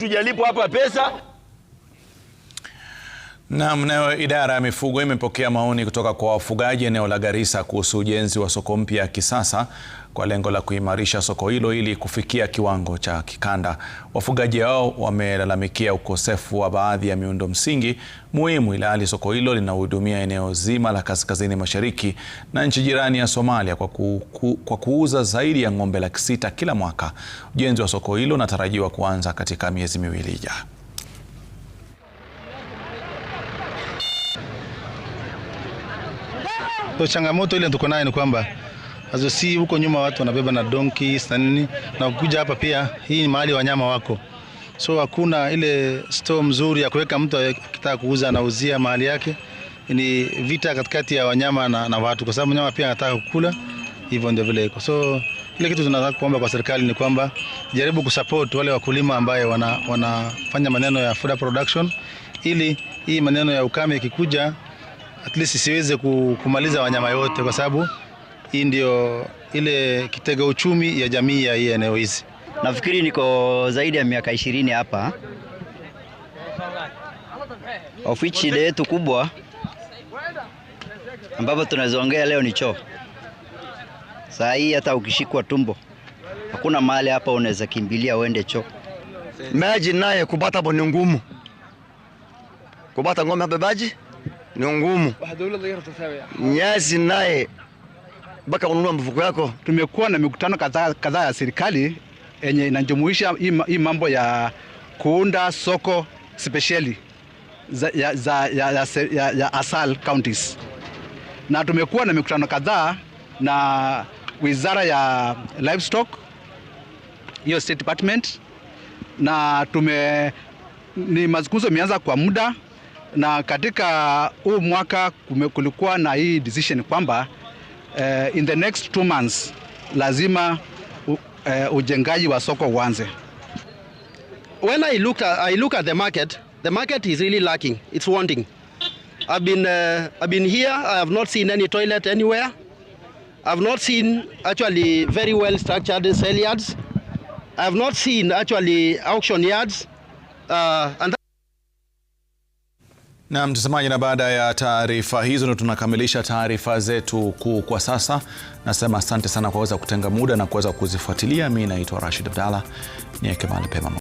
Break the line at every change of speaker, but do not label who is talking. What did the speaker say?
tujalipo hapa pesa
Naam, nayo idara ya mifugo imepokea maoni kutoka kwa wafugaji eneo la Garissa kuhusu ujenzi wa soko mpya ya kisasa kwa lengo la kuimarisha soko hilo ili kufikia kiwango cha kikanda. Wafugaji hao wamelalamikia ukosefu wa baadhi ya miundo msingi muhimu, ilhali soko hilo linahudumia eneo zima la kaskazini mashariki na nchi jirani ya Somalia kwa, ku, ku, kwa kuuza zaidi ya ng'ombe laki sita kila mwaka. Ujenzi wa soko hilo unatarajiwa kuanza katika miezi miwili ijayo.
So changamoto ile tuko nayo ni kwamba azo si huko nyuma watu wanabeba na donkeys na nini, na kuja hapa pia, hii ni mahali wanyama wako, so hakuna ile store mzuri ya kuweka mtu akitaka kuuza anauzia mahali yake. Ni vita katikati ya wanyama na, na watu, kwa sababu nyama pia anataka kukula, hivyo ndio vile iko. So ile kitu tunataka kuomba kwa serikali ni kwamba jaribu kusupport wale wakulima ambaye wanafanya wana maneno ya food production, ili hii maneno ya ukame ikikuja at least siweze kumaliza wanyama yote, kwa sababu hii ndio ile kitega uchumi ya jamii ya hii eneo hizi.
Nafikiri niko zaidi ya miaka ishirini hapa, of shida yetu kubwa ambapo tunazoongea leo ni choo. Saa hii hata ukishikwa tumbo hakuna mahali hapa unaweza kimbilia uende choo.
Maji naye kupata hapo ni ngumu, kupata ng'ombe hapa ni ngumu. Nyasi naye mpaka kununua
mfuko yako. Tumekuwa na mikutano kadhaa kadhaa ya serikali yenye inajumuisha hii mambo ya kuunda soko spesheli za, ya, za, ya, ya, ya, ya asal counties, na tumekuwa na mikutano kadhaa na wizara ya livestock, hiyo state department, na tume ni mazungumzo imeanza kwa muda na katika huu mwaka kulikuwa na hii decision kwamba uh, in the next two months lazima uh, ujengaji wa soko uanze.
When I look at, I look at the market, the market is really lacking. It's wanting. I've been, uh, I've been here. I have not seen any toilet anywhere. I've not seen actually very well structured sale yards. I have not seen actually auction yards. Uh, and na mtazamaji, na baada ya taarifa hizo ndo tunakamilisha taarifa zetu kuu kwa sasa. Nasema asante sana kwa kuweza kutenga muda na kuweza kuzifuatilia. Mi naitwa Rashid Abdalla, niweke mahali pema.